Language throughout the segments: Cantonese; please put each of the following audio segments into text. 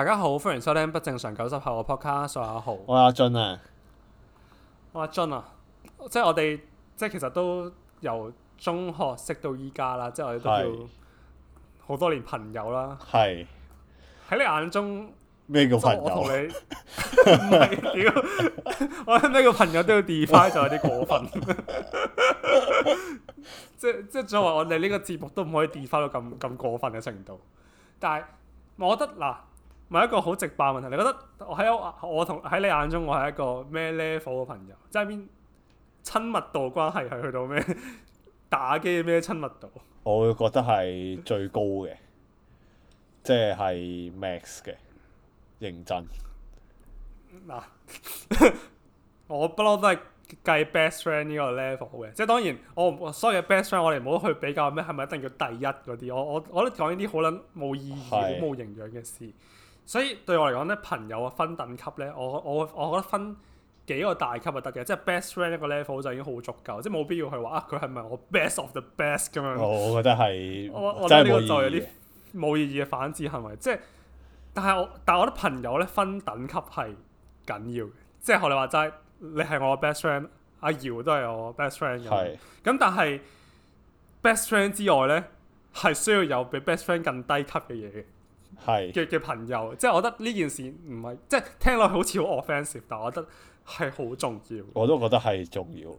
大家好，歡迎收聽不正常九十後嘅 podcast。我阿豪，我阿俊啊，我阿俊啊，即係我哋，即係其實都由中學識到依家啦，即係我哋都好多年朋友啦。係喺是你眼中咩是叫朋友？同你唔係屌，我諗呢個朋友都要 define 就有啲過分。 即係即係，作為我哋呢個節目都唔可以 define 到咁咁過分嘅程度。但係我覺得嗱。咪一個好直白問題，你覺得我喺我，我同喺你眼中，我係一個咩 level 嘅朋友？即係邊親密度關係係去到咩打機咩親密度？我會覺得係最高嘅， 即係 max 嘅認真。嗱， 我不嬲都係計 best friend 呢個 level 嘅，即係當然我所謂嘅 best friend，我哋唔好去比較咩，係咪一定要第一嗰啲？我我我都講呢啲好撚冇意義，好冇營養嘅事。所以對我嚟講咧，朋友啊分等級咧，我我我覺得分幾個大級就得嘅，即係 best friend 一個 level 就已經好足夠，即係冇必要去話啊佢係咪我 best of the best 咁樣。我覺得係，我真係呢個就有啲冇意義嘅反智行為。即係，但係我但係我覺得朋友咧分等級係緊要嘅，即係學你話齋，你係我，我 best friend，阿瑤都係我 best friend 咁。係是。咁但係 best friend 之外咧，係需要有比 best friend 更低級嘅嘢。係嘅嘅朋友，即係我覺得呢件事唔係，即係聽落去好似好 offensive，但係我覺得係好重要，我重要。我都覺得係重要。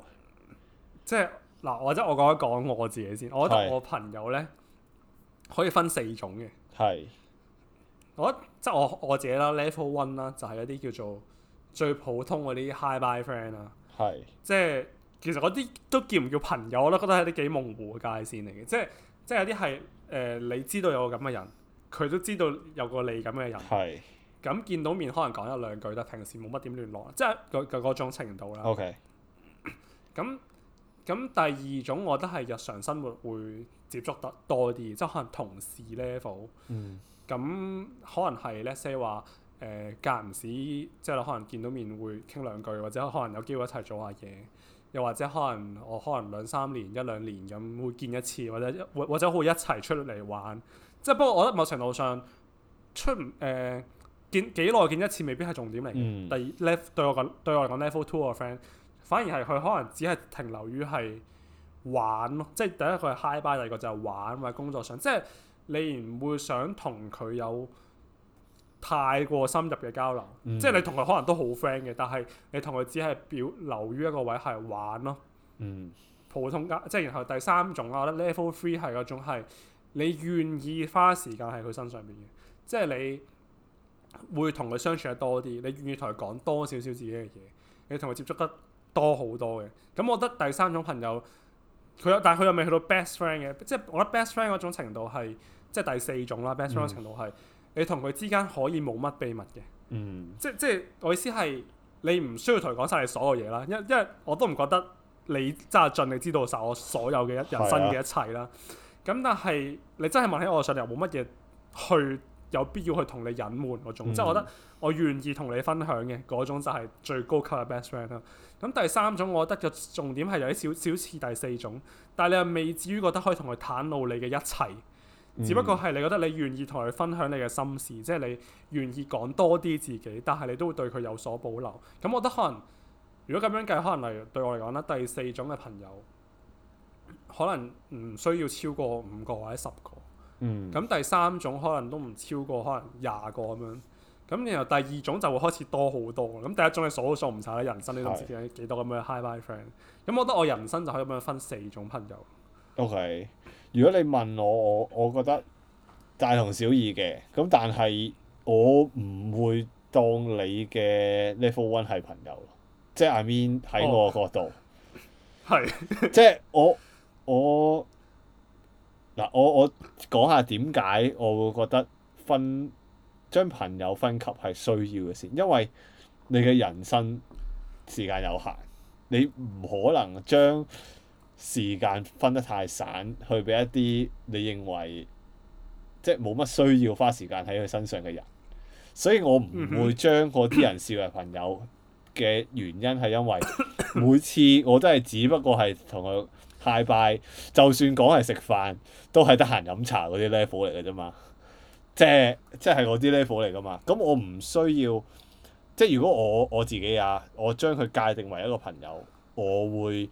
即係嗱，或者我講一講我自己先。的我覺得我朋友咧可以分四種嘅。係的我覺得，即係我我自己啦，level one 啦，就係、是、一啲叫做最普通嗰啲 hi bye friend 啦、啊。係的即係其實嗰啲都叫唔叫朋友？我都覺得係啲幾模糊嘅界線嚟嘅。即係即係有啲係誒，你知道有個咁嘅人。佢都知道有個你咁嘅人，係。咁見到面可能講一兩句得，但平時冇乜點聯絡，即係個嗰種程度啦。OK，咁咁第二種我覺得係日常生活會接觸得多啲，即係可能同事 level。嗯，咁可能係 let's say 話誒，隔唔時即係可能見到面會傾兩句，或者可能有機會一齊做下嘢，又或者可能我可能兩三年一兩年咁會見一次，或者或者會一齊出嚟玩。即係不過，我覺得某程度上出唔誒、呃、見幾耐見一次，未必係重點嚟嘅。嗯、第二 level 對我講，對我嚟講 level two 嘅 friend，反而係佢可能只係停留於係玩咯。即係第一個係 high bye，第二個就係玩嘛。或者工作上，即係你唔會想同佢有太過深入嘅交流。嗯、即係你同佢可能都好 friend 嘅，但係你同佢只係流於一個位係玩咯。嗯、普通交即係然後第三種，我覺得 level three 係嗰種係。你願意花時間喺佢身上邊嘅，即係你會同佢相處得多啲，你願意同佢講多少少自己嘅嘢，你同佢接觸得多好多嘅。咁我覺得第三種朋友，佢但係佢又未去到 best friend 嘅，即係我覺得 best friend 嗰種程度係即係第四種啦。best friend 程度係、嗯、你同佢之間可以冇乜秘密嘅，嗯即，即即係我意思係你唔需要同佢講晒你所有嘢啦，因為因為我都唔覺得你真係盡力知道晒我所有嘅一人生嘅一切啦。咁但係你真係問起我上嚟，冇乜嘢去有必要去同你隱瞞嗰種，嗯、即係我覺得我願意同你分享嘅嗰種就係最高級嘅 best friend 啦。咁第三種我覺得嘅重點係有啲少少似第四種，但係你又未至於覺得可以同佢袒露你嘅一切，嗯、只不過係你覺得你願意同佢分享你嘅心事，即係你願意講多啲自己，但係你都會對佢有所保留。咁我覺得可能如果咁樣計，可能例如對我嚟講咧，第四種嘅朋友。可能唔需要超過五個或者十個，嗯，咁第三種可能都唔超過可能廿個咁樣，咁然後第二種就會開始多好多，咁第一種你數都數唔晒啦，人生呢段時間幾多咁嘅 hi bye friend？咁我覺得我人生就可以咁樣分四種朋友。OK，如果你問我，我我覺得大同小異嘅，咁但係我唔會當你嘅 level one 係朋友，即係 I mean 喺我個角度係，哦、 是即係我。我嗱，我講我講下點解我會覺得分將朋友分級係需要嘅先，因為你嘅人生時間有限，你唔可能將時間分得太散去俾一啲你認為即係冇乜需要花時間喺佢身上嘅人，所以我唔會將嗰啲人視為朋友嘅原因係因為每次我都係只不過係同佢。太拜，就算講係食飯，都係得閒飲茶嗰啲 level 嚟嘅啫嘛。即係即係啲 level 嚟噶嘛，咁我唔需要。即係如果我我自己啊，我將佢界定為一個朋友，我會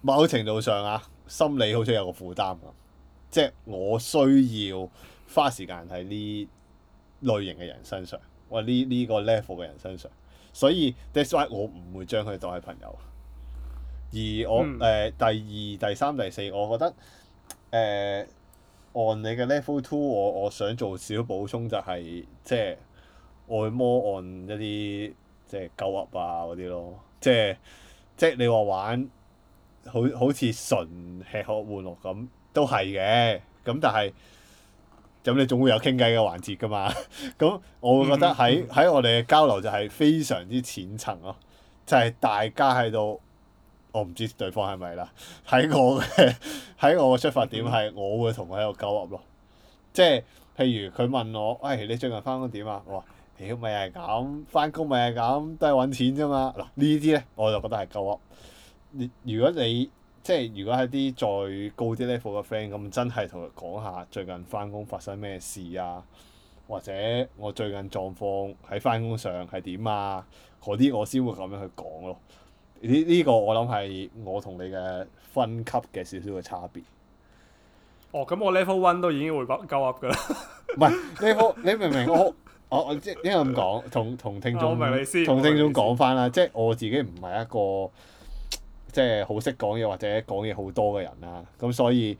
某程度上啊，心理好似有個負擔啊。即係我需要花時間喺呢類型嘅人身上，或呢呢個 level 嘅人身上，所以 that's why 我唔會將佢當係朋友。而我誒、嗯呃、第二、第三、第四，我覺得誒、呃、按你嘅 level two，我我想做少補充就係、是、即係按摩按一啲即係鳩噏啊嗰啲咯，即係即係你話玩好好似純吃喝玩樂咁都係嘅，咁但係咁你總會有傾偈嘅環節㗎嘛？咁 我會覺得喺喺、嗯嗯、我哋嘅交流就係非常之淺層咯，就係、是、大家喺度。我唔知對方係咪啦，喺我嘅喺 我嘅出發點係，我會同佢喺度鳩噏咯。即係譬如佢問我，喂、哎，你最近翻工點啊？我話，你咪係咁，翻工咪係咁，都係揾錢啫嘛。嗱呢啲咧，我就覺得係鳩噏。你如果你即係如果係啲再高啲 level 嘅 friend，咁真係同佢講下最近翻工發生咩事啊？或者我最近狀況喺翻工上係點啊？嗰啲我先會咁樣去講咯。呢呢個我諗係我同你嘅分級嘅少少嘅差別。哦，咁我 level one 都已經會夠 up 㗎啦。唔係 level，你明唔明我？ 我我即係應該咁講，同同聽眾，同聽眾講返啦。即係我自己唔係一個即係好識講嘢或者講嘢好多嘅人啦。咁、嗯、所以誒，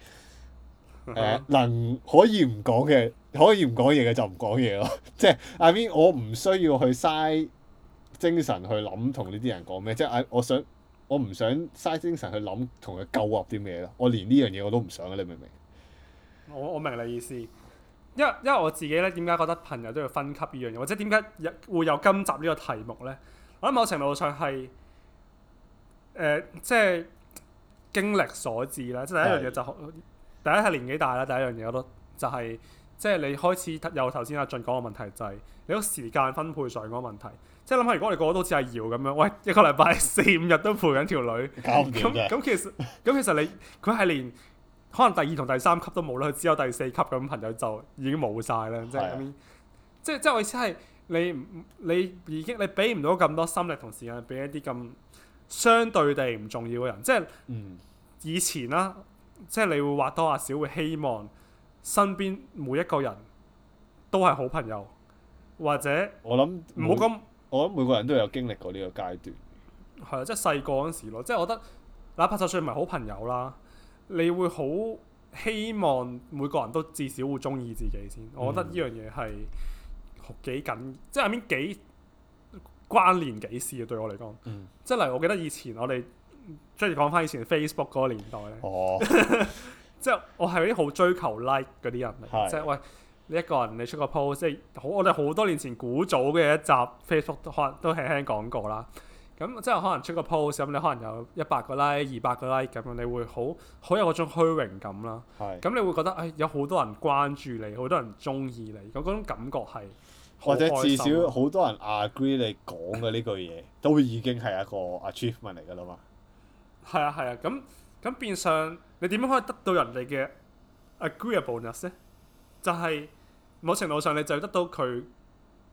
呃 uh huh. 能可以唔講嘅，可以唔講嘢嘅就唔講嘢咯。即係 I mean, 我唔需要去嘥精神去諗同呢啲人講咩，即係我想我唔想嘥精神去諗同佢糾合啲咩咯，我連呢樣嘢我都唔想呀，你明唔明？我我明你意思，因為因為我自己咧，點解覺得朋友都要分級呢樣嘢，或者點解有會有今集呢個題目呢？我諗某程度上係即係經歷所致啦。即係第一樣嘢就，是的 就，第一係年紀大啦。第一樣嘢我都就係、是。即係你開始有頭先阿俊講個問題，就係你個時間分配上嗰個問題。即係諗下，如果我哋個個都似阿耀咁樣，喂，一個禮拜四五日都陪緊條女，咁咁其實咁 其實你佢係連可能第二同第三級都冇啦，佢只有第四級咁朋友就已經冇晒啦。即係即即我意思係你你已經你俾唔到咁多心力同時間俾一啲咁相對地唔重要嘅人。即係、嗯、以前啦、啊，即係你會或多或少會希望。身邊每一個人都係好朋友，或者我諗唔好咁，敢我諗每個人都有經歷過呢個階段。係 啊，即係細個嗰陣時咯，即係我覺得，哪怕就算唔係好朋友啦，你會好希望每個人都至少會中意自己先。嗯、我覺得呢樣嘢係幾緊，即係入面幾關聯幾事嘅，對我嚟講。嗯、即係例如我記得以前我哋即係講翻以前 Facebook 嗰個年代咧。哦。 即係我係嗰啲好追求 like 嗰啲人，嚟是的，即係喂你一個人你出個 post 即係好我哋好多年前古早嘅一集 Facebook 可能都輕輕講過啦。咁即係可能出個 post 咁，你可能有一百個 like、二百個 like 咁，你會好好有嗰種虛榮感啦。咁是的 你會覺得誒、哎、有好多人關注你，好多人中意你，咁嗰種感覺係或者至少好多人 agree 你講嘅呢句嘢， 都已經係一個 achievement 嚟噶啦嘛。係啊係啊，咁。咁變相你點樣可以得到人哋嘅 agreeableness 咧？就係、是、某程度上，你就得到佢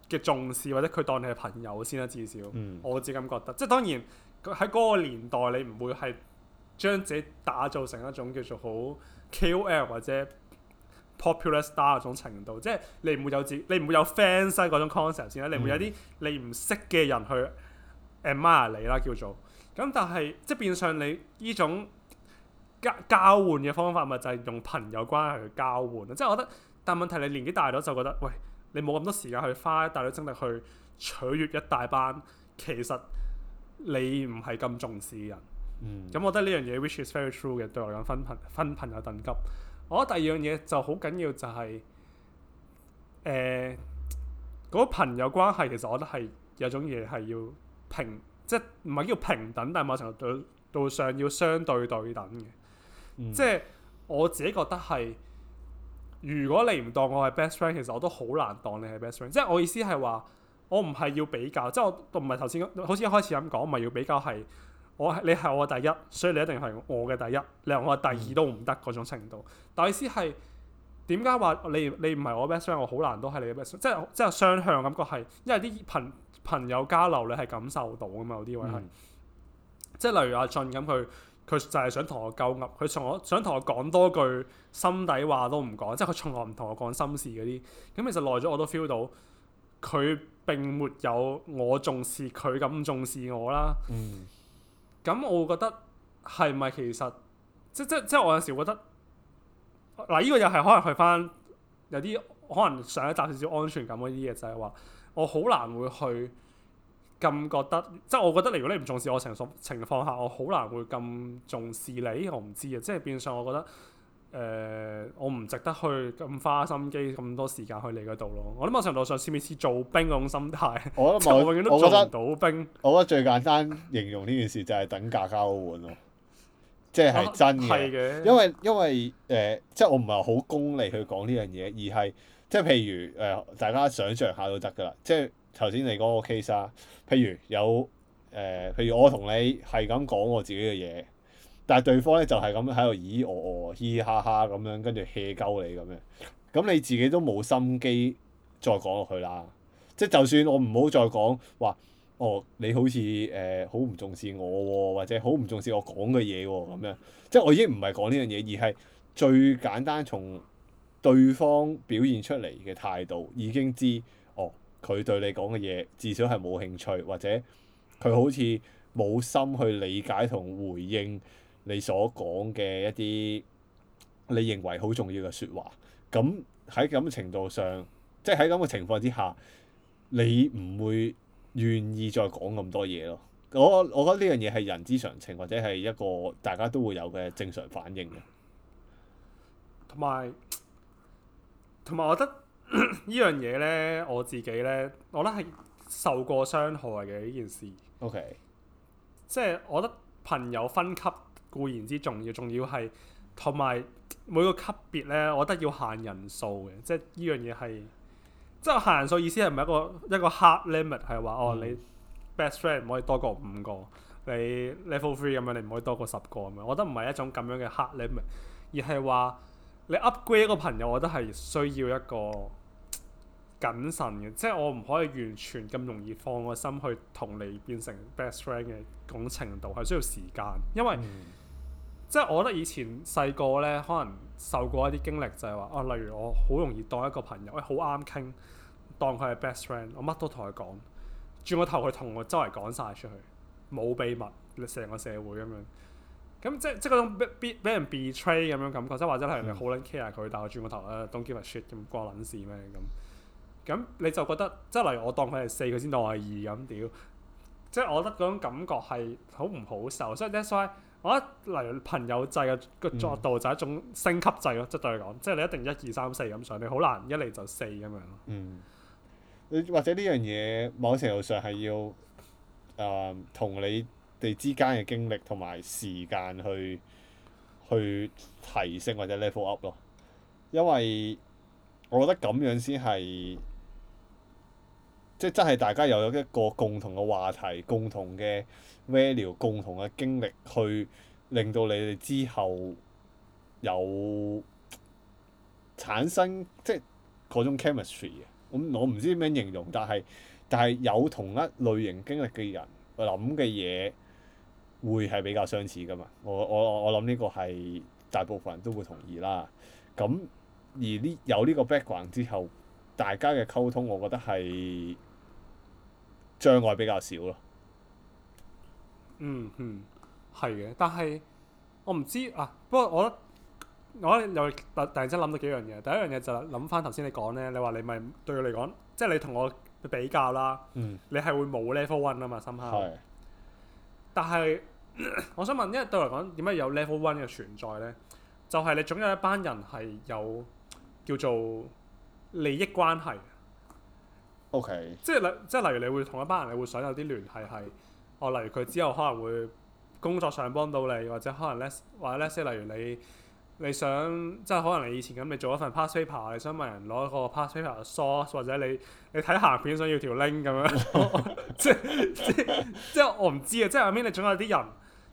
嘅重視，或者佢當你係朋友先啦、啊。至少，嗯、我自己咁覺得。即係當然，喺嗰個年代，你唔會係將自己打造成一種叫做好 KOL 或者 popular star 嗰種程度。即係你唔會有自己，你唔會有 fans 嗰、啊、種 concept 先啦。你會有啲你唔識嘅人去 admire 你啦、啊，叫做。咁但係即係變相你呢種，交換嘅方法咪就係用朋友關係去交換啊！即係我覺得，但係問題你年紀大咗就覺得，喂，你冇咁多時間去花，大量精力去取悅一大班，其實你唔係咁重視人。咁、嗯嗯、我覺得呢樣嘢，which is very true 嘅，對我嚟講分朋分朋友等級。我覺得第二樣嘢就好緊要、就係，就、呃、係，誒，嗰朋友關係其實我覺得係有種嘢係要平，即係唔係叫平等，但係某程度上要相對對等嘅。嗯、即係我自己覺得係，如果你唔當我係 best friend，其實我都好難當你係 best friend。即係我意思係話，我唔係要比較，即係我唔係頭先好似一開始咁講，唔係要比較係我你係我第一，所以你一定係我嘅第一，你話我係第二都唔得嗰種程度。但意思係點解話你你唔係我 best friend，我好難都係你嘅 best friend？即係即係雙向感覺係，因為啲朋朋友交流你係感受到㗎嘛？有啲位係，嗯、即係例如阿俊咁佢。佢就係想同我鳩噏，佢從我想同我講多句心底話都唔講，即係佢從來唔同我講心事嗰啲。咁其實耐咗我都 feel 到佢並沒有我重視佢咁重視我啦。嗯。咁我覺得係咪其實即即即我有時覺得嗱，呢個又係可能去返有啲可能上一集少少安全感嗰啲嘢，就係話我好難會去。咁覺得，即係我覺得，如果你唔重視我成熟情況下，我好難會咁重視你。我唔知啊，即係變相，我覺得誒、呃，我唔值得去咁花心機、咁多時間去你嗰度咯。我諗某程度上似唔似做兵嗰種心態？我覺得我 永遠都做唔到兵我。我覺得最簡單形容呢件事就係等價交換咯，即係真嘅、啊。因為因為誒，即係我唔係好功利去講呢樣嘢，而係即係譬如誒、呃，大家想像下都得㗎啦，即係。頭先你講個 case 啦，譬如有誒、呃，譬如我同你係咁講我自己嘅嘢，但係對方咧就係咁喺度咦咿我我，嘻嘻哈哈咁樣，跟住 hea 鳩你咁樣，咁你自己都冇心機再講落去啦。即係就算我唔好再講話，哦，你好似誒好唔重視我喎、哦，或者好唔重視我講嘅嘢喎，咁樣，即係我已經唔係講呢樣嘢，而係最簡單從對方表現出嚟嘅態度已經知。佢對你講嘅嘢，至少係冇興趣，或者佢好似冇心去理解同回應你所講嘅一啲你認為好重要嘅説話。咁喺咁嘅程度上，即係喺咁嘅情況之下，你唔會願意再講咁多嘢咯。我我覺得呢樣嘢係人之常情，或者係一個大家都會有嘅正常反應嘅，同埋同埋我覺得。 樣呢樣嘢咧，我自己咧，我覺得係受過傷害嘅呢件事。O Okay . K，即係我覺得朋友分級固然之重要，仲要係同埋每個級別咧，我覺得要限人數嘅。即係呢樣嘢係，即係限人數意思係唔係一個一個 hard limit 係話哦，你 best friend 唔可以多過五個，你 level three 咁樣你唔可以多過十個咁樣。我覺得唔係一種咁樣嘅 hard limit，而係話你 upgrade 一個朋友，我覺得係需要一個。謹慎嘅，即係我唔可以完全咁容易放個心去同你變成 best friend 嘅程度，係需要時間。因為、嗯、即係我覺得以前細個呢，可能受過一啲經歷就，就係話啊，例如我好容易當一個朋友，喂好啱傾，當佢係 best friend，我乜都同佢講，轉個頭佢同我周圍講晒出去，冇秘密，成個社會咁樣。咁即係即係嗰種畀人 betray 咁樣感覺，即係或者係你好撚 care 佢，但我轉個頭咧、uh, don't give a shit 咁關撚事咩咁。咁你就覺得，即係例如我當佢係四，佢先當我係二咁，屌！即係我覺得嗰種感覺係好唔好受。所以 that's why 我覺得，例如朋友制嘅個作度就係一種升級制咯，嗯、即係對你講，即係你一定一二三四咁上，你好難一嚟就四咁樣咯。嗯。你或者呢樣嘢某程度上係要，誒、呃、同你哋之間嘅經歷同埋時間去，去提升或者 level up 咯。因為我覺得咁樣先係。即係真係，大家又有一個共同嘅話題、共同嘅 value、共同嘅經歷，去令到你哋之後有產生即係嗰種 chemistry 嘅。咁、嗯、我唔知點樣形容，但係但係有同一類型經歷嘅人我諗嘅嘢，會係比較相似噶嘛。我我我諗呢個係大部分人都會同意啦。咁而呢有呢個 background 之後，大家嘅溝通，我覺得係。障礙比較少咯、嗯。嗯嗯，係嘅，但係我唔知啊。不過我我又突然之間諗到幾樣嘢。第一樣嘢就係諗翻頭先你講咧，你話你咪對佢嚟講，即係你同我比較啦。嗯、你係會冇 level one 啊嘛？深刻。係是的。但、嗯、係我想問，因為對我嚟講點解有 level one 嘅存在咧？就係你總有一班人係有叫做利益關係。O.K. 即係，即係，例如你會同一班人，你會想有啲聯繫係，哦，例如佢之後可能會工作上幫到你，或者可能咧話咧些，例如你例如你想即係可能你以前咁，你做一份 paper，s s a p 你想問人攞一個 paper s s a p source，或者你你睇行片想要條 link 咁樣， 即 即即我唔知啊，即係後面你總有啲人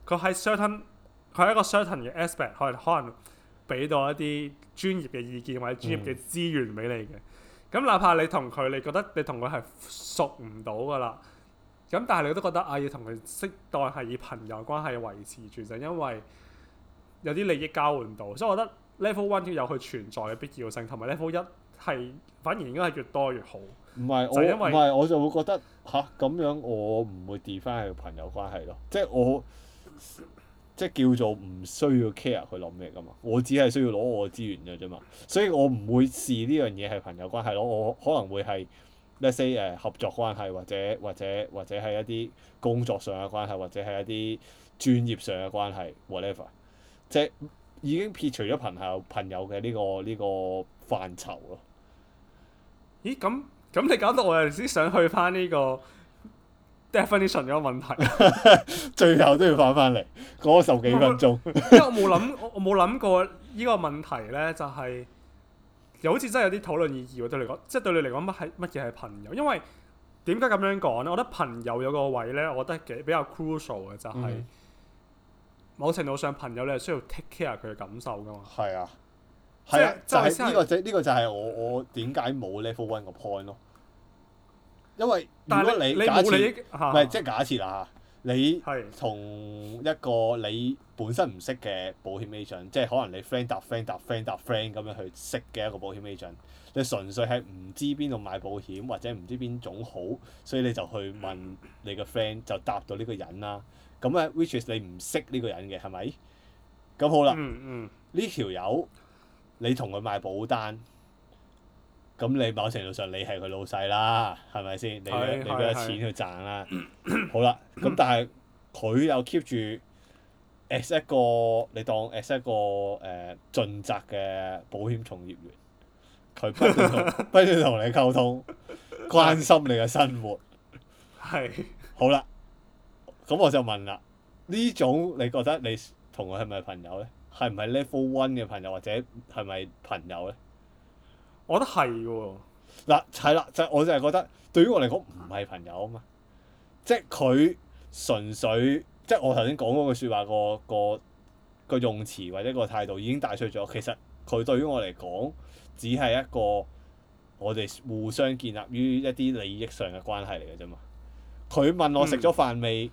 佢喺 certain，佢喺一個 certain 嘅 aspect，可能可能俾到一啲專業嘅意見或者專業嘅資源俾你嘅。嗯咁哪怕你同佢，你覺得你同佢係熟唔到噶啦，咁但係你都覺得啊，要同佢適當係以朋友關係維持住，就因為有啲利益交換到，所以我覺得 level one 有佢存在嘅必要性，同埋 level 一係反而應該係越多越好。唔係我因為唔係我就會覺得吓，咁樣，我唔會跌翻去朋友關係咯，即係我。 即係叫做唔需要 care 佢諗咩噶嘛，我只係需要攞我嘅資源嘅啫嘛，所以我唔會視呢樣嘢係朋友關係咯，我可能會係 let's say 誒、uh，合作關係，或者或者或者係一啲工作上嘅關係，或者係一啲專業上嘅關係，whatever，即係已經撇除咗朋友朋友嘅呢個呢個範疇咯。咦？咁咁你搞到我有陣時想去翻呢個。definition 咗個問題， 最後都要返翻嚟嗰十幾分鐘。因為我冇諗，我冇諗過呢個問題咧，就係、是、有好似真係有啲討論意義對你講，即、就、係、是、對你嚟講乜係乜嘢係朋友？因為點解咁樣講咧？我覺得朋友有個位咧，我覺得嘅比較 crucial 嘅就係、是嗯、某程度上朋友你係需要 take care 佢嘅感受噶嘛。係啊，係啊，就係呢、這個即係呢個就係我我點解冇 level one 個 point 咯。因為如果你假設唔係你即係假設啦嚇，哈哈你同一個你本身唔識嘅保險 agent，是即係可能你 friend 搭 friend 搭 friend 搭 friend 咁樣去識嘅一個保險 agent，你純粹係唔知邊度買保險或者唔知邊種好，所以你就去問你個 friend、嗯、就答到呢個人啦。咁咧，which is 你唔識呢個人嘅係咪？咁好啦，呢條友你同佢買保單。咁你某程度上你係佢老細啦，係咪先？你的你嗰啲錢佢賺啦。 好啦，咁但係佢又 keep 住，as 一個你當 as 一個誒、呃、盡責嘅保險從業員，佢不斷同 不斷同你溝通，關心你嘅生活。係是的。 好啦。咁我就問啦，呢種你覺得你同佢係咪朋友咧？係唔係 level one 嘅朋友，或者係咪朋友咧？我,、哦啊就是、我覺得係喎，嗱係啦，就我就係覺得，對於我嚟講唔係朋友啊嘛，即係佢純粹，即係我頭先講嗰句説話個個個用詞或者個態度已經帶出咗，其實佢對於我嚟講只係一個我哋互相建立於一啲利益上嘅關係嚟嘅啫嘛。佢問我食咗飯未，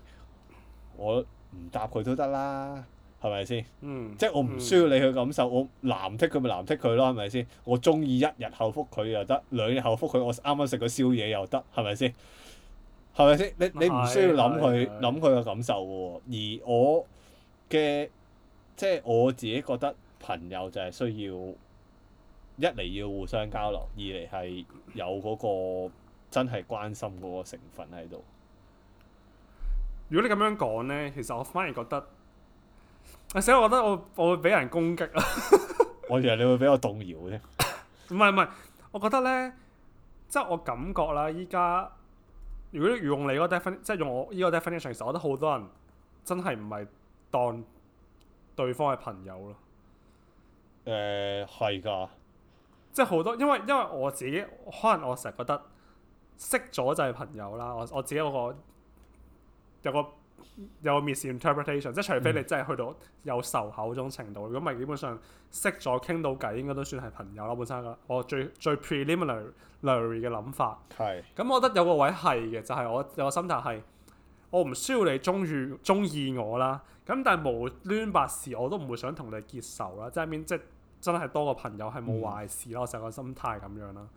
嗯、我唔答佢都得啦。係咪先？是是，嗯、即係我唔需要你去感受，嗯、我藍剔佢咪藍剔佢咯，係咪先？我鍾意一日後覆佢又得，兩日後覆佢，我啱啱食個宵夜又得，係咪先？係咪先？你你唔需要諗佢諗佢嘅感受喎，而我嘅即係我自己覺得朋友就係需要一嚟要互相交流，二嚟係有嗰個真係關心嗰個成分喺度。如果你咁樣講呢，其實我反而覺得。所以我覺得我我會俾人攻擊啊！我以為你會俾我動搖嘅 唔係唔係，我覺得咧，即係我感覺啦。依家如果用你嗰個 definition，即係用我依個 definition，其實我覺得好多人真係唔係當對方係朋友咯。誒係噶，即係好多，因為因為我自己可能我成日覺得識咗就係朋友啦。我我自己嗰個有個。有個有個 misinterpretation，即係除非你真係去到有仇口嗰種程度，咁咪、嗯、基本上識咗傾到偈，應該都算係朋友啦。本身嘅我，我最最 preliminary 嘅諗法係咁，係我覺得有個位係嘅，就係、是、我有個心態係我唔需要你中意中意我啦，咁但係無端白事我都唔會想同你結仇啦。即係變即真係多個朋友係冇壞事啦。嗯、我成個心態咁樣啦。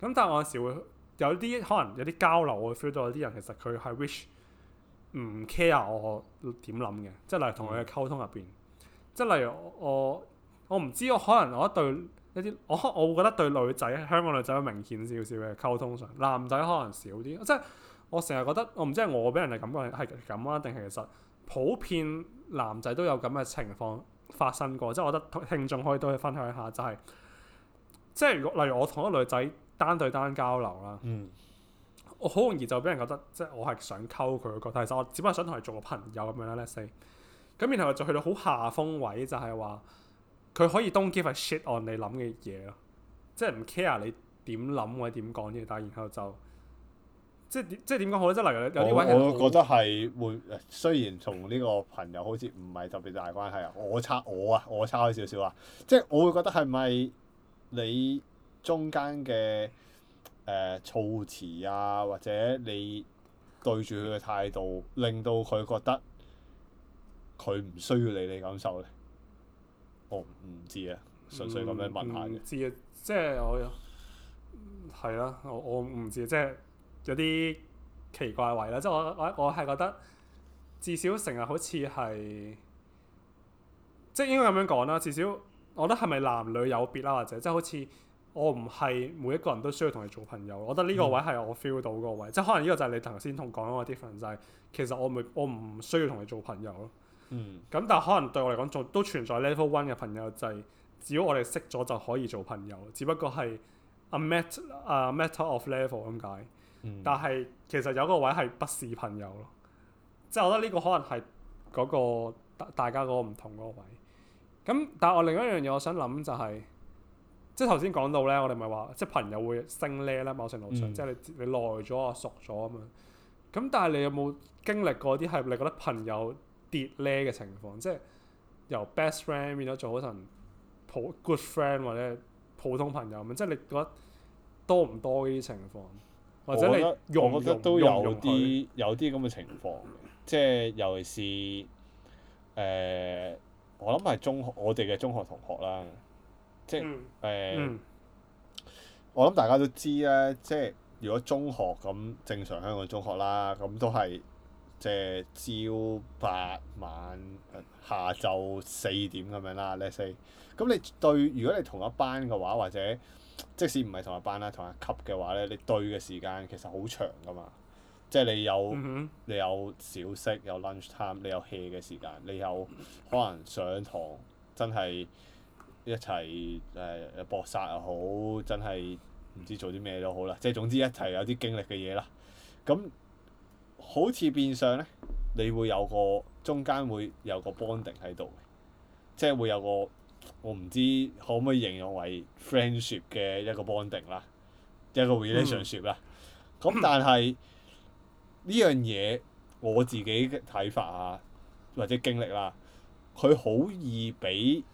咁但係我有時會有啲可能有啲交流，我會 feel 到有啲人其實佢係 wish。唔 care 我點諗嘅，即係例如同佢嘅溝通入邊，嗯、即係例如我我唔知我可能我對一啲我我會覺得對女仔香港女仔有明顯少少嘅溝通上，男仔可能少啲，即係我成日覺得我唔知係我俾人哋感覺係咁啊，定係其實普遍男仔都有咁嘅情況發生過，即係我覺得聽眾可以都去分享一下就係、是，即係如果例如我同一個女仔單對單交流啦。嗯我好容易就俾人覺得，即係我係想溝佢個，但其實我只不過想同佢做個朋友咁樣啦。Let's see。咁然後就去到好下風位，就係話佢可以 Don't give a shit on 你諗嘅嘢咯，即係唔 care 你點諗或者點講嘢，但係然後就即係即係點講好咧？即係例如有啲位，我會覺得係會雖然同呢個朋友好似唔係特別大關係啊，我差我啊，我差咗少少啊，即係我會覺得係咪你中間嘅？誒措辭啊，或者你對住佢嘅態度，令到佢覺得佢唔需要你哋感受咧？我唔知啊，純粹咁樣問下嘅。嗯嗯、唔知啊，即係我係啦，我我唔知、即係，即係有啲奇怪位啦。即係我我我係覺得至少成日好似係即係應該咁樣講啦。至少我覺得係咪男女有別啦，或者即係好似？我唔係每一個人都需要同你做朋友，我覺得呢個位係我 feel 到個位，嗯、即係可能呢個就係你頭先同我講嗰個 difference，就係其實我唔我唔需要同你做朋友咯。咁、嗯、但係可能對我嚟講，仲都存在 level one 嘅朋友，就係、是、只要我哋識咗就可以做朋友，只不過係 a matter of level 咁解。嗯、但係其實有個位係不是朋友咯，即係我覺得呢個可能係嗰、那個、大家嗰個唔同嗰個位。咁但係我另外一樣嘢，我想諗就係、是。即係頭先講到咧，我哋咪話，即係朋友會升呢咧，某程度上，嗯、即係你你耐咗，啊熟咗咁樣。咁但係你有冇經歷過啲係你覺得朋友跌呢嘅情況？即係由 best friend 變咗做好層普 good friend 或者普通朋友咁，即係你覺得多唔多呢啲情況？或者你用我覺得都有啲有啲咁嘅情況嘅，即係尤其是誒、呃，我諗係中學我哋嘅中學同學啦。即係誒，我諗大家都知啦。即係如果中學咁正常香港中學啦，咁都係即係朝八晚下晝四點咁樣啦。Let's say，咁你對，如果你同一班嘅話，或者即使唔係同一班啦，同一級嘅話咧，你對嘅時間其實好長㗎嘛。即係你有、嗯、哼你有小息，有 lunch time，你有 hea 嘅時間，你有可能上堂真係。一齊誒搏殺又好，真係唔知做啲咩都好啦，即係總之一齊有啲經歷嘅嘢啦。咁好似變相咧，你會有個中間會有個 bonding 喺度，即係會有個我唔知可唔可以形容為 friendship 嘅一個 bonding 啦，一個 relationship 啦。咁、嗯、但係呢、嗯、樣嘢我自己嘅睇法啊，或者經歷啦、啊，佢好易俾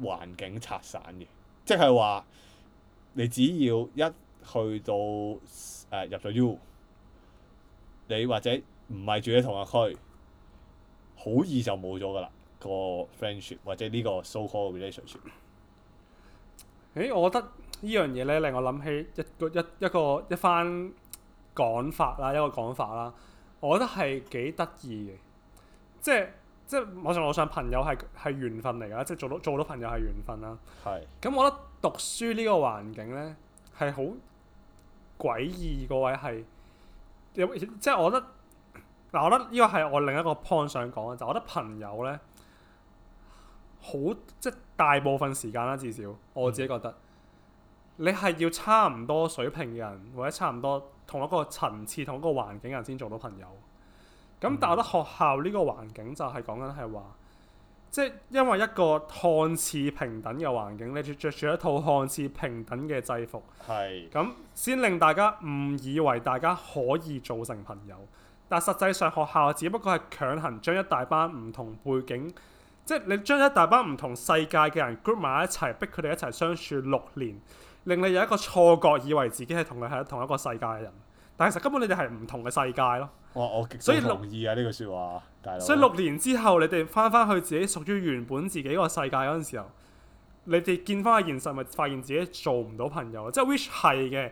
環境拆散嘅，即係話你只要一去到誒、呃、入咗 U，你或者唔係住喺同一區，好易就冇咗噶啦個 friendship 或者呢個 so called relationship。誒、欸，我覺得呢樣嘢咧令我諗起一個一一個一番講法啦，一個講法啦，我覺得係幾得意嘅，即係。即係網上網上朋友係係緣分嚟噶，即係做到做到朋友係緣分啦、啊。係咁是，我覺得讀書呢個環境咧係好詭異。嗰位係有即係我覺得嗱，我覺得呢個係我另一個 point 想講嘅就係、我覺得朋友咧好即係大部分時間啦、啊，至少我自己覺得、嗯、你係要差唔多水平嘅人或者差唔多同一個層次同一個環境嘅人先做到朋友。咁、嗯、但係我覺得學校呢個環境就係講緊係話，即係因為一個看似平等嘅環境，你就著著住一套看似平等嘅制服，係是，咁先令大家誤以為大家可以做成朋友，但實際上學校只不過係強行將一大班唔同背景，即係你將一大班唔同世界嘅人 group 埋一齊逼佢哋一齊相處六年，令你有一個錯覺以為自己係同你係同一個世界嘅人。但其實根本你哋係唔同嘅世界咯。我我極同意啊呢句説話，大佬。所以六年之後，你哋翻翻去自己屬於原本自己個世界嗰陣時候，你哋見翻個現實，咪發現自己做唔到朋友。即係 which 係嘅，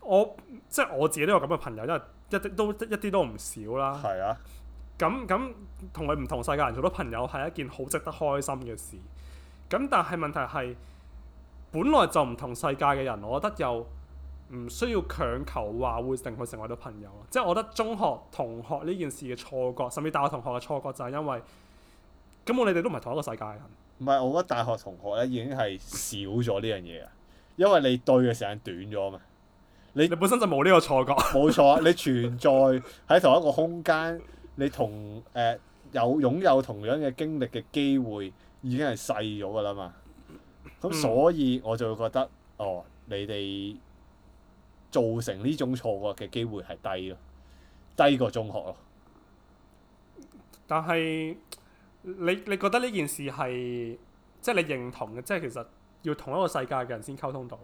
我即係我自己都有咁嘅朋友，因為一啲都一啲都唔少啦。係是啊。咁咁同佢唔同世界人做到朋友係一件好值得開心嘅事。咁但係問題係，本來就唔同世界嘅人，我覺得又。唔需要強求話會成去成為到朋友。即係我覺得中學同學呢件事嘅錯覺，甚至大學同學嘅錯覺，就係因為咁，你哋都唔係同一個世界人。唔係，我覺得大學同學咧已經係少咗呢樣嘢啊，因為你對嘅時間短咗啊嘛。你你本身就冇呢個錯覺。冇 錯，你存在喺同一個空間，你同誒、呃、有擁有同樣嘅經歷嘅機會，已經係細咗㗎啦嘛。咁所以我就會覺得，嗯、哦，你哋。造成呢種錯過嘅機會係低咯，低過中學咯。但係你你覺得呢件事係即係你認同嘅？即係其實要同一個世界嘅人先溝通到。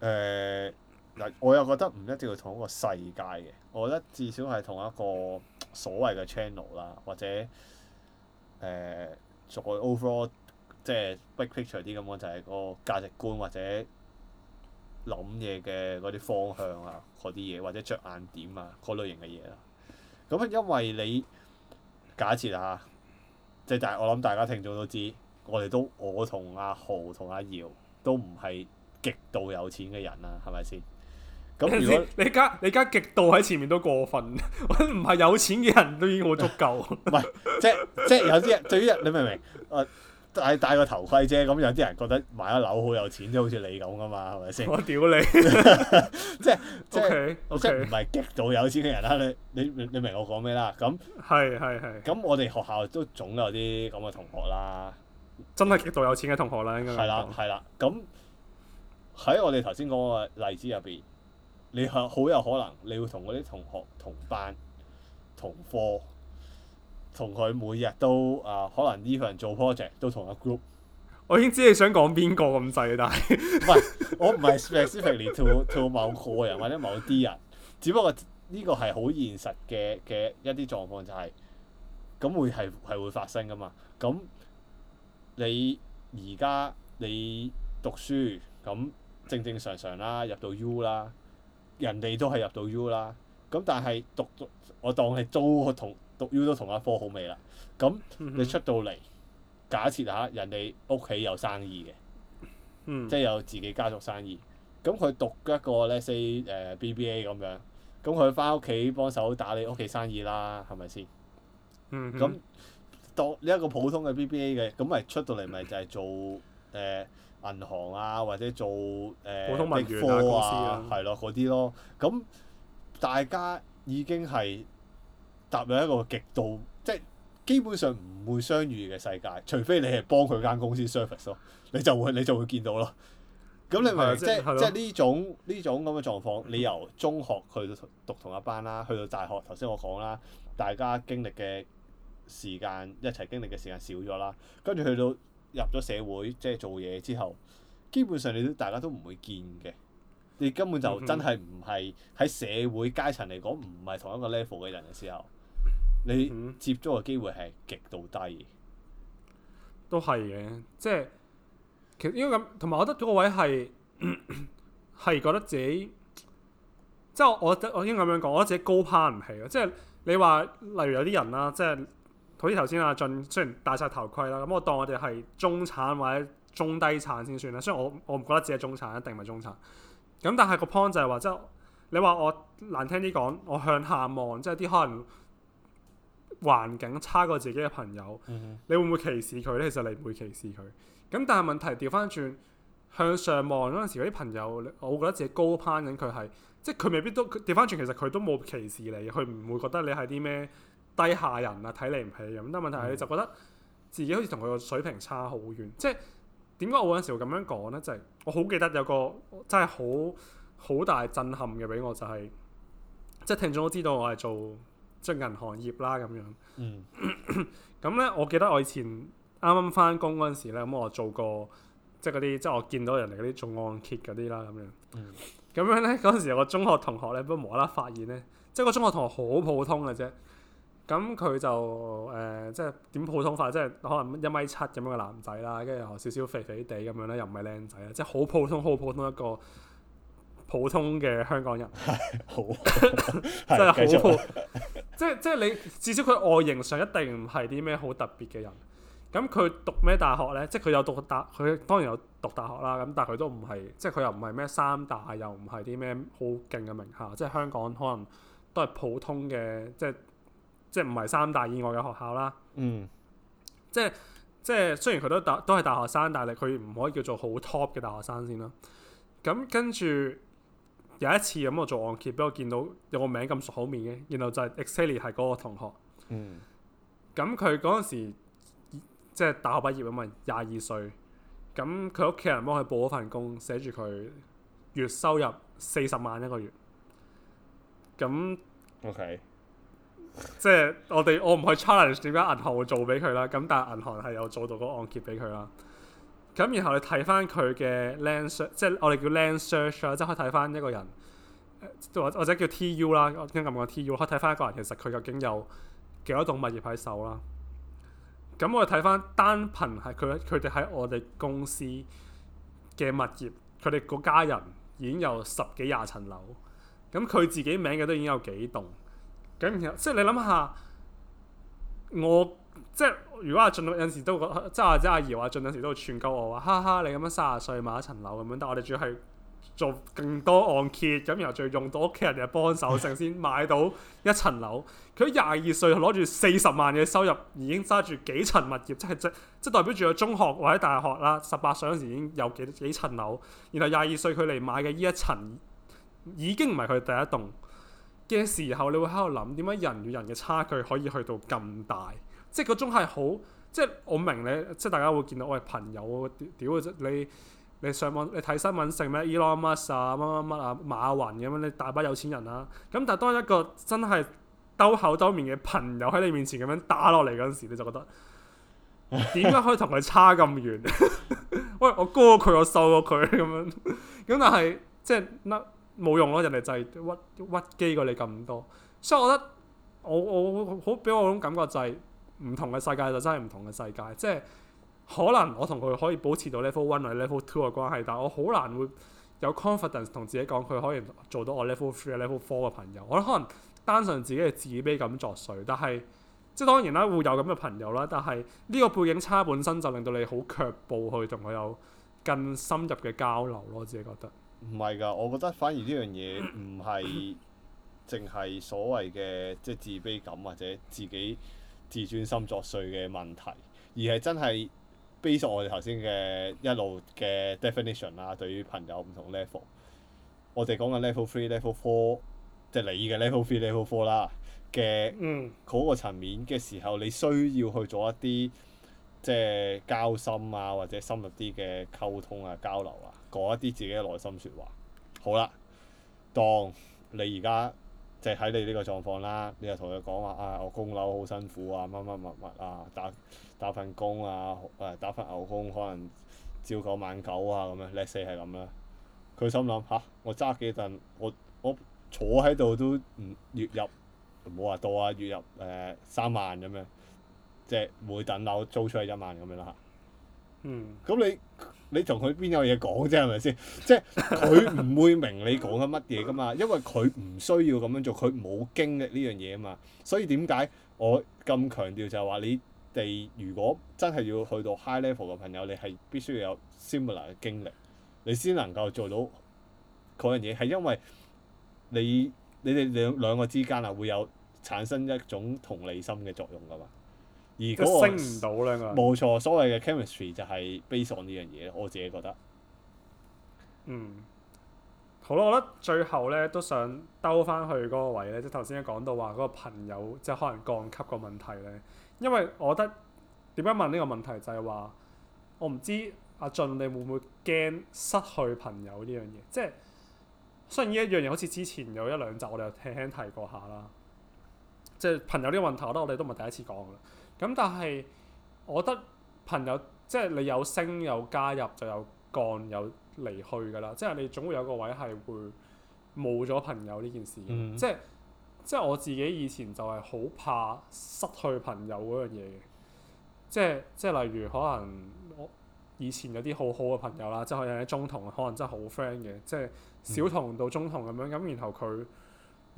誒嗱、呃，我又覺得唔一定要同一個世界嘅，我覺得至少係同一個所謂嘅 channel 啦，或者誒、呃、再 overall 即係 big picture 啲咁講就係、是、個價值觀或者。諗嘢嘅嗰啲方向啊，嗰啲嘢或者着眼點啊，嗰類型嘅嘢啦。咁因為你假設啊，即係大我諗大家聽眾都知，我哋都我同阿豪同阿耀都唔係極度有錢嘅人啊，係咪先？咁如果你加你加極度喺前面都過分，我唔係有錢嘅人都已經好足夠。唔係，即即有啲人對於，你明唔明？戴戴個頭盔啫，咁有啲人覺得買一樓好有錢就，好似你咁㗎嘛，係咪先？我屌你！即係即係即係唔係極度有錢嘅人啦？你你你明我講咩啦？咁係係係。咁我哋學校都總有啲咁嘅同學啦，真係極度有錢嘅同學啦，應該係啦係啦。咁喺我哋頭先講嘅例子入邊，你係好有可能你會同嗰啲同學同班同科。同佢每日都啊、呃，可能呢個人做 project 都同一 group。我已經知你想講邊個咁細，但係唔係我唔係 specifically to to 某個人或者某啲人，只不過呢個係好現實嘅嘅一啲狀況就係、是、咁會係係會發生噶嘛。咁你而家你讀書咁正正常常啦，入到 U 啦，人哋都係入到 U 啦。咁但係讀我當係租同。讀 U 都同一科好味啦，咁你出到嚟，假設吓人哋屋企有生意嘅，嗯、即係有自己家族生意，咁佢讀一個呢啲誒 BBA 咁樣，咁佢返屋企幫手打理屋企生意啦，係咪先？嗯。咁當呢一個普通嘅 BBA 嘅，咁咪出到嚟咪就係做誒、嗯呃、銀行啊，或者做誒貨、呃啊啊、公司啊，係咯嗰啲咯，咁大家已經係。踏入一個極度即係基本上唔會相遇嘅世界，除非你係幫佢間公司 service 咯，你就會你就會見到咯。咁你咪、就係、即係對即係呢種呢種咁嘅狀況。你由中學去到讀同一班啦，去到大學頭先我講啦，大家經歷嘅時間一齊經歷嘅時間少咗啦，跟住去到入咗社會即係做嘢之後，基本上你都大家都唔會見嘅。你根本就真係唔係喺社會階層嚟講唔係同一個 level 嘅人嘅時候。你接觸嘅機會係極度低，嗯嗯，都係嘅。即係其實應該咁，同埋我覺得嗰位係係覺得自己，即係我我我應該咁樣講，我覺得自己高攀唔起咯。即係你話，例如有啲人啦，即係好似頭先阿俊雖然戴晒頭盔啦，咁我當我哋係中產或者中低產先算啦。雖然我我唔覺得自己係中產，一定唔係中產。咁但係個 point 就係話，即係你話我難聽啲講，我向下望，即係啲可能。環境差過自己嘅朋友，mm hmm. 你會唔會歧視佢呢？其實你唔會歧視佢。咁但係問題掉返轉向上望嗰陣時，嗰啲朋友，我覺得自己高攀緊佢係，即係佢未必都掉返轉。其實佢都冇歧視你，佢唔會覺得你係啲咩低下人啊，睇你唔起咁。但問題係、mm hmm. 你就覺得自己好似同佢個水平差好遠。即係點解我嗰陣時會咁樣講呢？就係、是、我好記得有個真係好好大震撼嘅俾我，就係即係聽眾都知道我係做。即係銀行業啦咁樣，咁咧、嗯、 我記得我以前啱啱翻工嗰陣時咧，咁、嗯、我做過即係嗰啲，即係我見到人哋嗰啲做按揭嗰啲啦咁樣。咁、嗯、樣咧嗰陣時有我中學同學咧，都無啦啦發現咧，即係個中學同學好普通嘅啫。咁佢就誒、呃、即係點普通法？即係可能一米七咁樣嘅男仔啦，跟住少少肥肥地咁樣咧，又唔係靚仔啊，即係好普通好普通一個普通嘅香港人，好， 即係好普。 即係即係你至少佢外形上一定唔係啲咩好特別嘅人，咁佢讀咩大學咧？即係佢有讀大，佢當然有讀大學啦。咁但係佢都唔係，即係佢又唔係咩三大，又唔係啲咩好勁嘅名校。即係香港可能都係普通嘅，即係即係唔係三大以外嘅學校啦。嗯，即係即係雖然佢都大都係大學生，但係佢唔可以叫做好 top 嘅大學生先啦。咁跟住。有一次咁、嗯、我做按揭，俾我見到有個名咁熟口面嘅，然後就係 Excellent 係嗰個同學。嗯。咁佢嗰陣時即係大學畢業啊嘛，廿二歲。咁佢屋企人幫佢報咗份工，寫住佢月收入四十萬一個月。咁、嗯、OK 即。即係我哋我唔去 challenge，點解銀行會做俾佢啦？咁、嗯、但係銀行係有做到個按揭俾佢啦。咁然後你睇翻佢嘅 land search，即係我哋叫 land search 啦，即係可以睇翻一個人，或或者叫 TU 啦，我啱啱講 TU，可以睇翻一個人其實佢究竟有幾多棟物業喺手啦。咁我哋睇翻單憑係佢佢哋喺我哋公司嘅物業，佢哋個家人已經有十幾廿層樓，咁佢自己名嘅都已經有幾棟。咁然後即係你諗下，我。即係，如果阿俊有陣時都覺即係，或者阿姚、阿俊有陣時都會串鳩我話，哈哈，你咁樣三十歲買一層樓咁樣，但係我哋仲要係做更多按揭，咁然後仲要用到屋企人嘅幫手，先先買到一層樓。佢廿二歲攞住四十萬嘅收入，已經揸住幾層物業，即係即即代表住佢中學或者大學啦。十八歲嗰陣時已經有幾幾層樓，然後廿二歲佢嚟買嘅呢一層已經唔係佢第一棟嘅時候，你會喺度諗點解人與人嘅差距可以去到咁大？即係嗰種係好，即係我明你，即係大家會見到，我係朋友，屌啊！即係你，你上網你睇新聞成咩 Elon Musk 啊，乜乜乜啊，馬雲咁樣，你大把有錢人啦、啊。咁但係當一個真係兜口兜面嘅朋友喺你面前咁樣打落嚟嗰時，你就覺得點解可以同佢差咁遠？ 喂，我高過佢，我瘦過佢咁樣。咁但係即係冇用咯，人哋就係屈屈機過你咁多。所以我覺得我我好俾我嗰種感覺就係、是。唔同嘅世界就真係唔同嘅世界，即係可能我同佢可以保持到 level one 或 level two 嘅關係，但係我好難會有 confidence 同自己講佢可以做到我 level three、level four 嘅朋友。我覺得可能單純自己嘅自卑感作祟，但係即係當然啦，會有咁嘅朋友啦。但係呢個背景差本身就令到你好卻步去同佢有更深入嘅交流咯。我自己覺得唔係㗎，我覺得反而呢樣嘢唔係淨係所謂嘅即係自卑感或者自己。自尊心作祟嘅問題，而係真係 based on 我哋頭先嘅一路嘅 definition 啦，對於朋友唔同 level，我哋講緊 level three、level four，即係你嘅 level three、level four 啦嘅嗯，嗰個層面嘅時候，你需要去做一啲即係交心啊，或者深入啲嘅溝通啊、交流啊，講一啲自己嘅內心説話。好啦，當你而家。即係睇你呢個狀況啦，你又同佢講話啊，我供樓好辛苦啊，乜乜物物啊，打打份工啊，誒打份牛工可能朝九晚九啊咁樣，第四係咁啦。佢心諗吓，我揸幾頓，我我坐喺度都唔月入，唔好話多啊，月入誒、呃、三萬咁樣。即係每棟樓租出去一萬咁樣啦嚇。嗯。咁你？你同佢邊有嘢講啫，係咪先？即係佢唔會明你講緊乜嘢噶嘛，因為佢唔需要咁樣做，佢冇經歷呢樣嘢啊嘛。所以點解我咁強調就係話，你哋如果真係要去到 high level 嘅朋友，你係必須要有 similar 嘅經歷，你先能夠做到嗰樣嘢，係因為你你哋兩兩個之間啊，會有產生一種同理心嘅作用噶嘛。如果我升唔到嗰個冇錯，所謂嘅 chemistry 就係 base on 呢樣嘢。我自己覺得，嗯，好啦，我覺得最後咧都想兜翻去嗰個位咧，即係頭先講到話嗰個朋友即係可能降級個問題咧，因為我覺得點樣問呢個問題就係、是、話我唔知阿俊，你會唔會驚失去朋友呢樣嘢？即係雖然呢一樣嘢好似之前有一兩集我哋又輕輕提過下啦，即係朋友呢個問題，我覺得我哋都唔係第一次講啦。咁但係我覺得朋友即係、就是、你有升有加入就有降有離去㗎啦，即、就、係、是、你總會有個位係會冇咗朋友呢件事，即係即係我自己以前就係好怕失去朋友嗰樣嘢嘅，即係即係例如可能我以前有啲好好嘅朋友啦，即係喺中同可能真係好 friend 嘅，即、就、係、是、小同到中同咁樣咁，然後佢。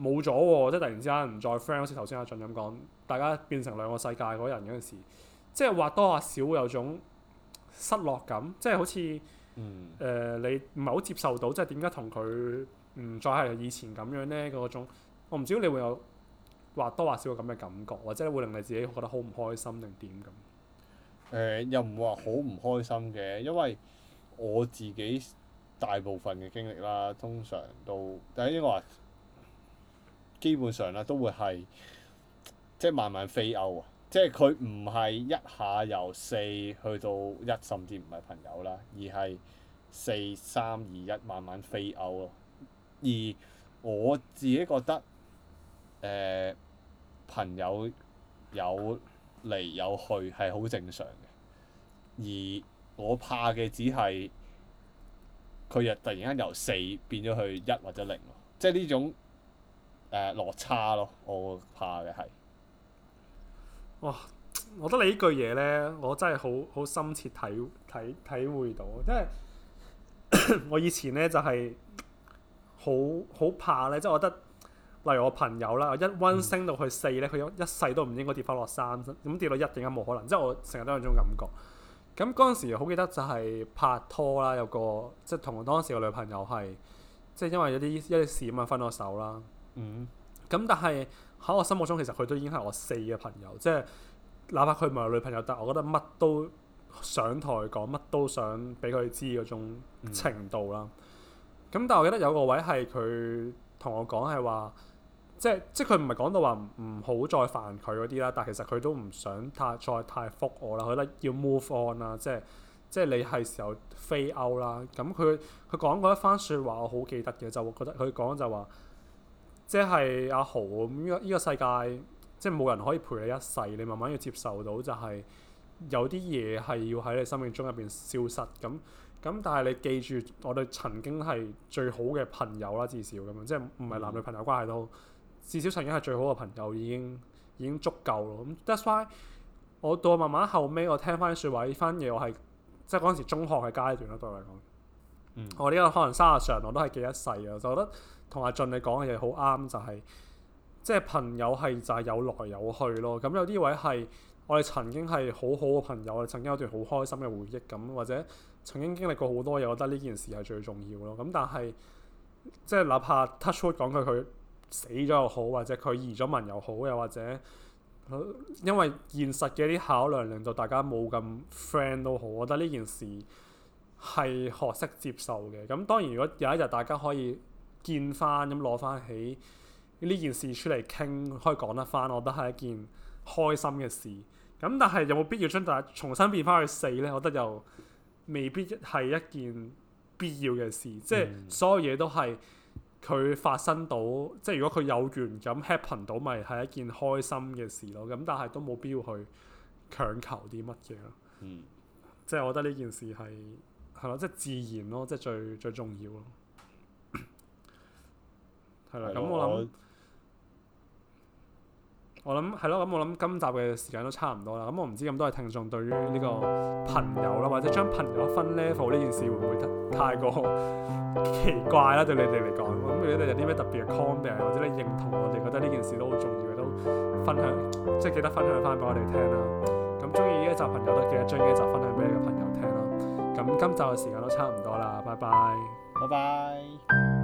冇咗喎，即係突然之間唔再 friend，好似頭先阿俊咁講，大家變成兩個世界嗰人嗰陣時，即係或多或少會有種失落感，即係好似誒、嗯呃、你唔係好接受到，即係點解同佢唔再係以前咁樣咧？嗰種我唔知你會有或多或少個咁嘅感覺，或者會令你自己覺得好唔開心定點咁？誒、呃、又唔會話好唔開心嘅，因為我自己大部分嘅經歷啦，通常都第一我話。哎這個基本上咧都會係，即係慢慢 fade out 啊！即係佢唔係一下由四去到一，甚至唔係朋友啦，而係四三二一慢慢 fade out 咯。而我自己覺得，誒、呃、朋友有嚟有去係好正常嘅。而我怕嘅只係佢又突然間由四變咗去一或者零，即係呢種。誒、呃、落差咯，我怕嘅係，哇！我覺得你呢句嘢咧，我真係好好深切體體體會到，即係 我以前咧就係好好怕咧，即係我覺得，例如我朋友啦，一蚊升到去四咧，佢、嗯、一世都唔應該跌翻落三，咁跌到一點解冇可能？即係我成日都有種感覺。咁嗰陣時好記得就係拍拖啦，有個即係同當時個女朋友係，即係因為一啲一啲事咁啊分咗手啦。五咁，嗯、但係喺我心目中，其實佢都已經係我四嘅朋友，即、就、係、是、哪怕佢唔係女朋友，但我覺得乜都想同佢講，乜都想俾佢知嗰種程度啦。咁、嗯、但係我記得有個位係佢同我講係話，即係即係佢唔係講到話唔好再煩佢嗰啲啦，但係其實佢都唔想太再太覆我啦。佢覺得要 move on、就是就是、是啦，即係即係你係時候飛歐啦。咁佢佢講過一番説話，我好記得嘅，就覺得佢講就話、是。即係阿豪咁，依、嗯這個世界即係冇人可以陪你一世，你慢慢要接受到就係有啲嘢係要喺你生命中入邊消失咁。咁、嗯嗯、但係你記住，我哋曾經係最好嘅朋友啦，至少咁樣，即係唔係男女朋友關係都好，嗯、至少曾經係最好嘅朋友已經已經足夠咯。咁、嗯、That's why 我到我慢慢後尾，我聽翻啲説話呢翻嘢我係即係嗰陣時中學嘅階段咯，對、嗯、我嚟講。我呢家可能三十歲我都係記一世啊，就覺得。同阿俊你講嘅嘢好啱，就係即係朋友係就係有來有去咯。咁有啲位係我哋曾經係好好嘅朋友，我哋曾經有段好開心嘅回憶咁，或者曾經經歷過好多嘢，我覺得呢件事係最重要咯。咁但係即係哪怕 touch wood 講佢佢死咗又好，或者佢移咗民又好，又或者、呃、因為現實嘅啲考量令到大家冇咁 friend 都好，我覺得呢件事係學識接受嘅。咁當然，如果有一日大家可以～見翻咁攞翻起呢件事出嚟傾，可以講得翻，我覺得係一件開心嘅事。咁但係有冇必要將大家重新變翻去四咧？我覺得又未必係一件必要嘅事。嗯、即係所有嘢都係佢發生到，即係如果佢有緣咁 happen 到，咪係一件開心嘅事咯。咁但係都冇必要去強求啲乜嘢咯。嗯、即係我覺得呢件事係係咯，即係自然咯，即係最最重要咯。係啦，咁、嗯、我諗我，我諗係咯，咁我諗今集嘅時間都差唔多啦。咁、嗯、我唔知咁多嘅聽眾對於呢個朋友啦，或者將朋友分 level 呢件事，會唔會太太過奇怪啦？對你哋嚟講，咁、嗯、如果你哋有啲咩特別嘅 comment，或者你認同，我哋覺得呢件事都好重要，嘅，都分享，即係記得分享翻俾我哋聽啦。咁中意呢集朋友都記得將呢集分享俾你嘅朋友聽啦。咁今集嘅時間都差唔多啦，拜拜，拜拜。